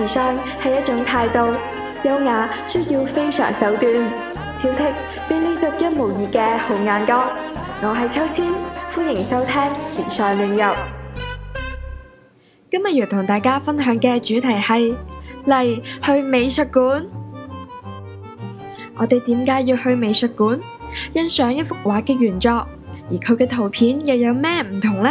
時尚係一種態度，優雅需要非常手段，挑剔俾你獨一無二嘅好眼光。我係秋千，歡迎收聽時尚亂入。今日要同大家分享嘅主題係，嚟去美術館。我哋點解要去美術館欣賞一幅畫嘅原作？而佢嘅圖片又有咩唔同呢？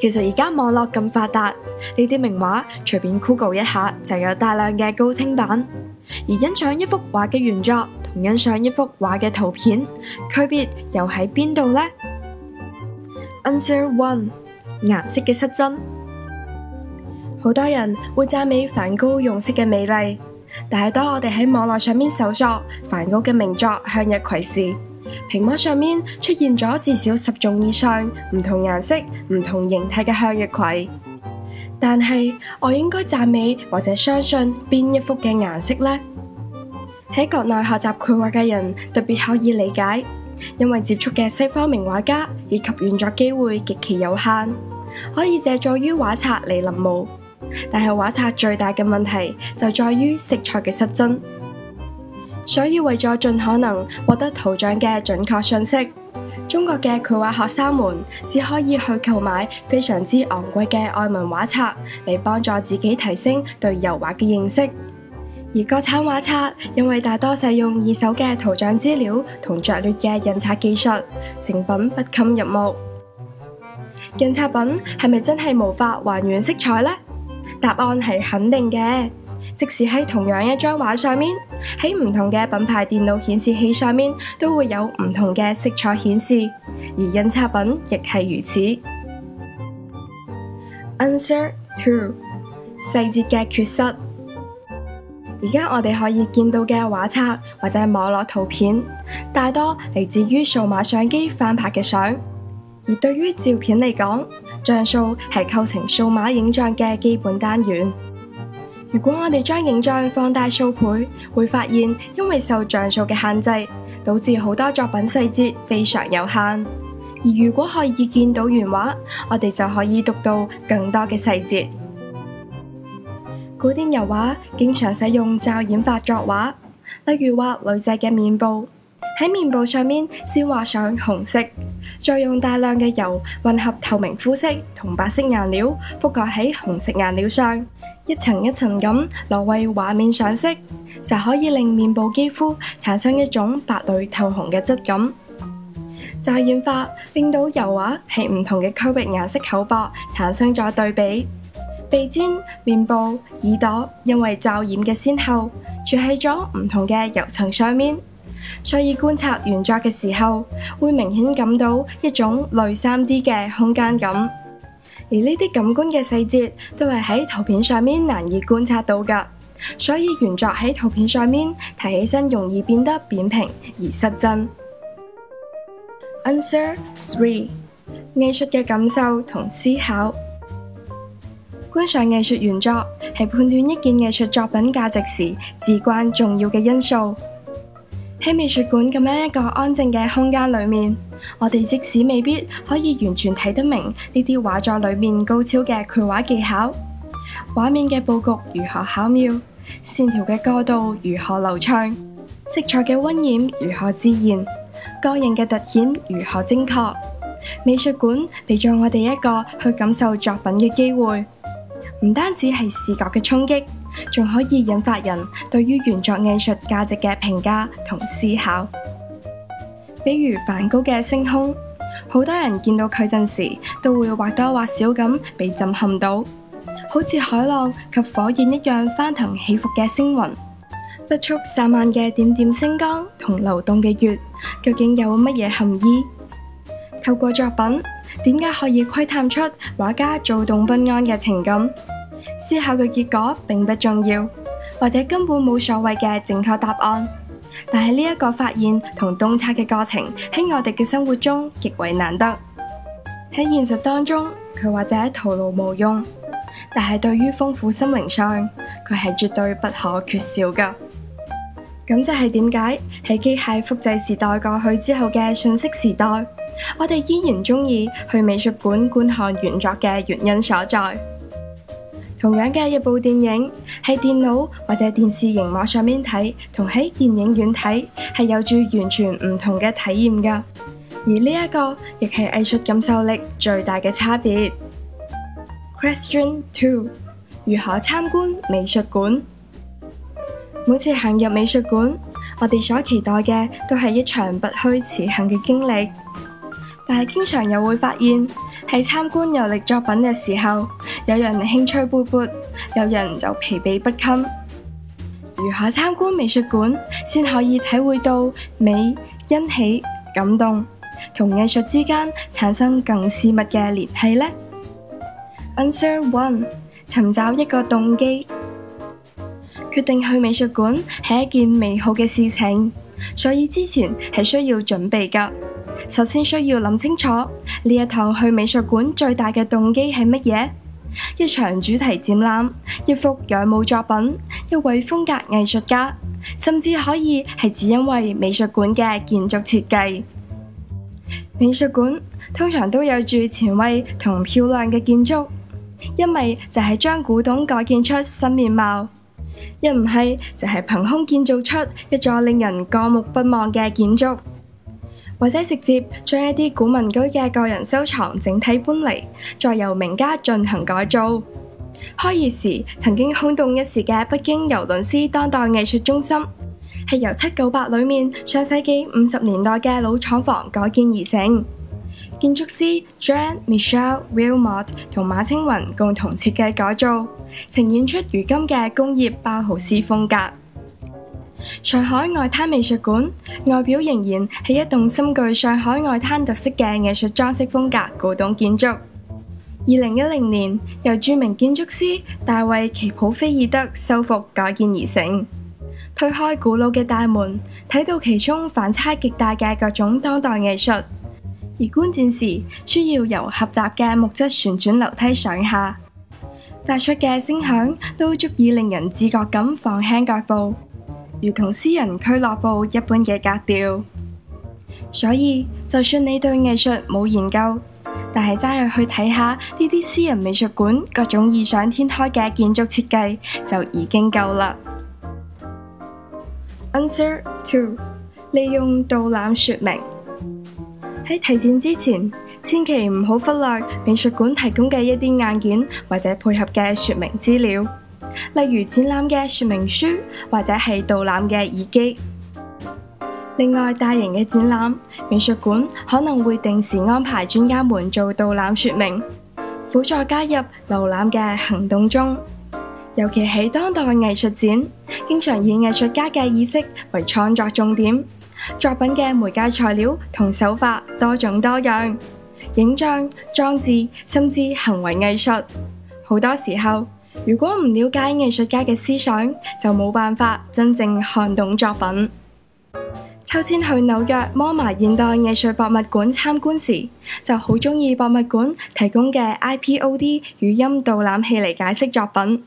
其實而家網絡咁發達，呢啲名畫隨便 Google 一下就有大量嘅高清版。而欣賞一幅畫嘅原作同欣賞一幅畫嘅圖片，區別又喺邊度呢？Answer one，顏色嘅失真。好多人會讚美梵高用色嘅美麗，但係當我哋喺網絡上面搜索梵高嘅名作《向日葵》時，屏幕上面出現咗至少十種以上唔同顏色、唔同形態嘅向日葵，但係我應該讚美或者相信邊一幅嘅顏色呢？喺國內學習繪畫嘅人特別可以理解，因為接觸嘅西方名畫家以及原作機會極其有限，可以借助於畫冊嚟臨摹，但係畫冊最大嘅問題就在於色彩嘅失真。所以為咗盡可能獲得圖像嘅準確信息，中國嘅繪畫學生們只可以去購買非常之昂貴嘅外文畫冊嚟幫助自己提升對油畫嘅認識。而國產畫冊因為大多使用二手嘅圖像資料同拙劣嘅印刷技術，成品不堪入目。印刷品係咪真係無法還原色彩呢？答案係肯定嘅。即使喺同樣一張畫上面，喺唔同嘅品牌電腦顯示器上面，都會有唔同嘅色彩顯示。而印刷品亦係如此。Answer two，細節嘅缺失。而家我哋可以見到嘅畫冊或者網絡圖片，大多嚟自於數碼相機翻拍嘅相。而對於照片嚟講，像素係構成數碼影像嘅基本單元。如果我哋將影像放大數倍，會發現因為受像素嘅限制，導致好多作品細節非常有限。而如果可以見到原畫，我哋就可以讀到更多嘅細節。古典油畫經常使用罩染法作畫，例如畫女仔嘅面部。喺面部上面先畫上紅色，再用大量嘅油混合透明膚色同白色顏料，覆蓋喺紅色顏料上一層一層咁來為畫面上色，就可以令面部肌膚產生一種白裏透紅嘅質感。罩染法令到油畫喺唔同嘅區域顏色厚薄產生咗對比，鼻尖、面部、耳朵因為罩染嘅先後，塗喺咗唔同嘅油層上面。所以觀察原作嘅時候，會明顯感到一種類三 D 嘅空間感，而呢啲感官嘅細節都係喺圖片上面難以觀察到的，所以原作喺圖片上面睇起身容易變得扁平而失真。Answer three，藝術嘅感受同思考，觀賞藝術原作係判斷一件藝術作品價值時至關重要嘅因素。喺美術館噉樣一個安靜嘅空間裏面，我哋即使未必可以完全睇得明呢啲畫作裏面高超嘅繪畫技巧、畫面嘅布局如何巧妙、線條嘅過渡如何流暢、色彩嘅暈染如何自然、光影嘅突顯如何精確，美術館俾咗我哋一個去感受作品嘅機會，唔單止係視覺嘅衝擊。仲可以引發人對於原作藝術價值嘅評價同思考，比如梵高嘅《星空》，好多人見到佢陣時都會或多或少咁被震撼到，好似海浪及火焰一樣翻騰起伏嘅星雲，不速散漫嘅點點星光同流動嘅月，究竟有乜嘢含義？透過作品，點解可以窺探出畫家躁動不安嘅情感？之後嘅結果並不重要，或者根本冇所謂嘅正確答案。但係呢一個發現同洞察嘅過程，喺我哋嘅生活中極為難得。喺現實當中，佢或者徒勞無用，但係對於豐富心靈上，佢係絕對不可缺少嘅。咁就係點解喺機械複製時代過去之後嘅信息時代，我哋依然中意去美術館觀看原作嘅原因所在。同樣嘅一部電影，喺電腦或者電視熒幕上面睇，同喺電影院睇，係有住完全唔同嘅體驗噶。而呢一個亦係藝術感受力最大嘅差別。Question two：如何參觀美術館？每次行入美術館，我哋所期待嘅都係一場不虛此行嘅經歷，但係經常又會發現。喺參觀遊歷作品嘅時候，有人興趣勃勃，有人就疲憊不堪。如何參觀美術館先可以體會到美、欣喜、感動，同藝術之間產生更私密嘅聯繫呢？Answer one：尋找一個動機，決定去美術館係一件美好嘅事情，所以之前係需要準備㗎。首先需要諗清楚，呢一趟去美術館最大嘅動機係乜嘢？一場主題展覽，一幅仰慕作品，一位風格藝術家，甚至可以係只因為美術館嘅建築設計。美術館通常都有住前衛同漂亮嘅建築，一係就係將古董改建出新面貌，一唔係就係憑空建造出一座令人過目不忘嘅建築。或者直接將一啲古民居嘅個人收藏整體搬嚟，再由名家進行改造。開業時曾經轟動一時嘅北京尤倫斯當代藝術中心，係由七九八裏面上世紀五十年代嘅老廠房改建而成，建築師 Jean Michel Wilmot 同馬清雲共同設計改造，呈現出如今嘅工業包豪斯風格。上海外灘美術館外表仍然係一棟深具上海外灘特色嘅藝術裝飾風格古董建築。二零一零年由著名建築師大衛奇普菲爾德修復改建而成。推開古老嘅大門，睇到其中反差極大嘅各種當代藝術。而觀展時需要由狹窄嘅木質旋轉樓梯上下，發出嘅聲響都足以令人自覺咁放輕腳步。如同私人俱樂部一般嘅格調，所以就算你對藝術冇研究，但係揸入去睇下呢啲私人美術館各種異想天開嘅建築設計就已經夠啦。Answer two，利用導覽說明。喺睇展之前，千祈唔好忽略美術館提供嘅一啲硬件或者配合嘅說明資料。例如展覽嘅說明書或者係導覽嘅耳機。另外，大型嘅展覽美術館可能會定時安排專家們做導覽說明，輔助加入瀏覽嘅行動中。尤其喺當代藝術展，經常以藝術家嘅意識為創作重點，作品嘅媒介材料同手法多種多樣，影像、裝置甚至行為藝術，好多時候。如果唔了解藝術家嘅思想，就冇辦法真正看懂作品。抽簽去紐約摩 a 現代藝術博物館參觀時，就好中意博物館提供嘅 iPod 語音導覽器嚟解釋作品。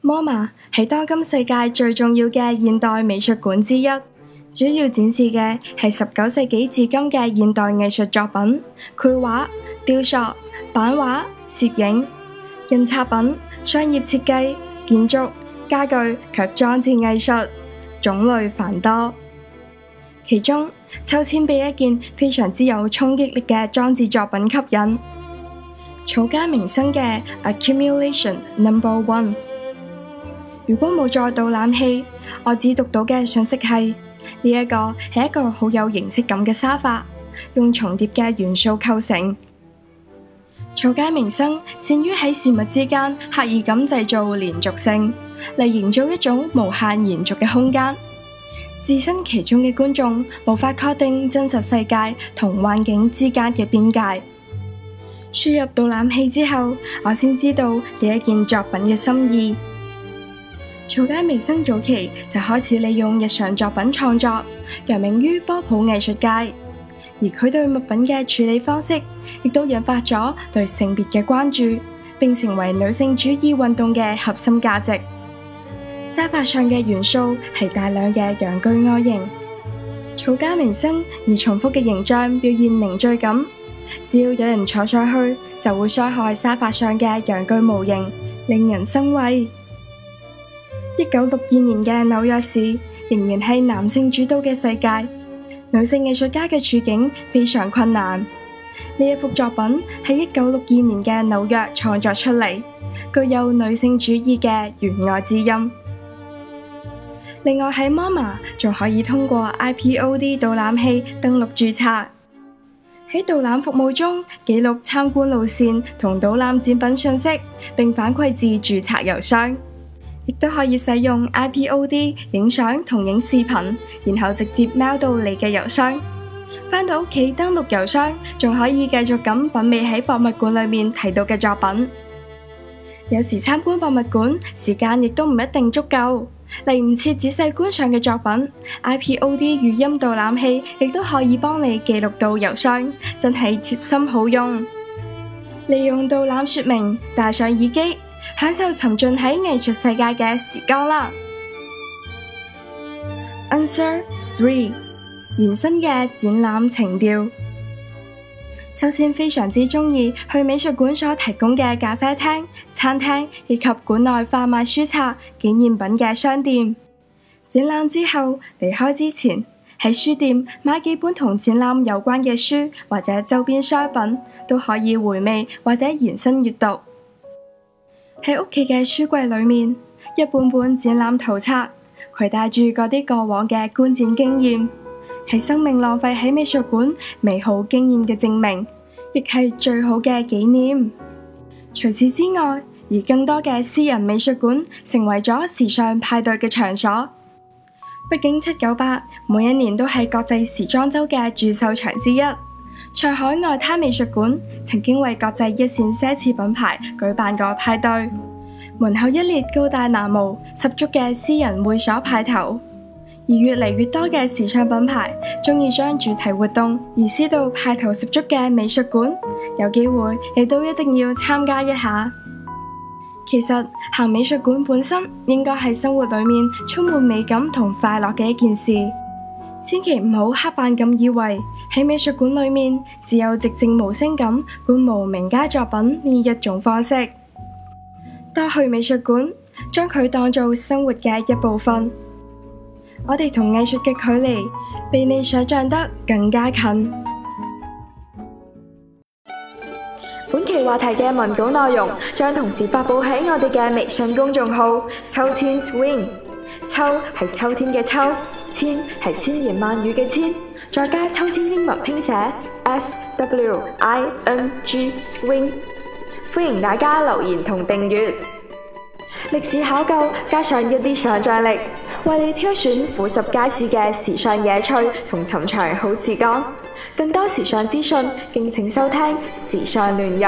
摩 a 是當今世界最重要嘅現代美術館之一，主要展示嘅是十九世紀至今嘅現代藝術作品，繪畫、雕塑、版畫、攝影、印刷品。商業設計、建築、家具及裝置藝術種類繁多。其中，秋千被一件非常之有衝擊力嘅裝置作品吸引。草間彌生嘅《Accumulation Number One》。如果冇再導覽器，我只讀到嘅信息是呢一、這個是一個好有形式感嘅沙發，用重疊嘅元素構成。草間彌生善於喺事物之間刻意咁製造連續性，嚟營造一種無限延續嘅空間。置身其中嘅觀眾無法確定真實世界同幻境之間嘅邊界。輸入導覽器之後，我先知道呢一件作品嘅心意。草間彌生早期就開始利用日常作品創作，揚名於波普藝術界。而佢對物品嘅處理方式，亦都引發咗對性別嘅關注，並成為女性主義運動嘅核心價值。沙發上嘅元素係大量嘅陽具外形，草間彌生而重複嘅形象表現凝聚感。只要有人坐上去，就會傷害沙發上嘅陽具模型，令人生畏。一九六二年嘅紐約市，仍然係男性主導嘅世界。女性藝術家嘅處境非常困難。呢一幅作品喺一九六二年嘅紐約創作出嚟，具有女性主義嘅弦外之音。另外喺 Moma 仲可以通過 iPod 導覽器登錄註冊，喺導覽服務中記錄參觀路線同導覽展品信息，並反饋至註冊郵箱。亦都可以使用 iPod 影相同影視頻，然後直接瞄到你嘅郵箱。返到屋企登錄郵箱，仲可以繼續咁品味喺博物館裏面提到嘅作品。有時參觀博物館時間亦都唔一定足夠，嚟唔切仔細觀賞嘅作品。iPod 語音導覽器亦都可以幫你記錄到郵箱，真係貼心好用。利用導覽說明，戴上耳機，享受沉浸在藝術世界的時光啦。Answer three，延伸的展覽情調。秋千非常之中意去美術館所提供的咖啡廳、餐廳以及館內販賣書冊、紀念品的商店。展覽之後離開之前，在書店買幾本同展覽有關的書或者周邊商品，都可以回味或者延伸閱讀。在屋企的書櫃裏面，一本本展覽圖冊，攜帶着那些過往的觀展經驗，是生命浪費在美術館美好經驗的證明，亦是最好的紀念。除此之外，而更多的私人美術館成為了時尚派對的場所。畢竟七九八每一年都是國際時裝周的駐秀場之一。在海外，外灘美術館曾經為國際一綫奢侈品牌舉辦過派對，門口一列高大男模，十足嘅私人會所派頭。而越嚟越多嘅時尚品牌，中意將主題活動移師到派頭十足嘅美術館，有機會你都一定要參加一下。其實行美術館本身，應該係生活裏面充滿美感同快樂嘅一件事，千祈唔好刻板咁以為。喺美術館裏面，只有寂靜無聲咁觀摩名家作品，呢一種方式。多去美術館，將佢當做生活嘅一部分。我哋同藝術嘅距離，比你想象得更加近。本期話題嘅文稿內容將同時發布喺我哋嘅微信公眾號“秋千 swing”。秋係秋天嘅秋，千係千言萬語嘅千。再加秋千英文拼寫，S W I N G swing。歡迎大家留言同訂閱。歷史考究加上一啲想象力，為你挑選富十街市嘅時尚野趣同尋常好時光。更多時尚資訊，敬請收聽《時尚亂入》。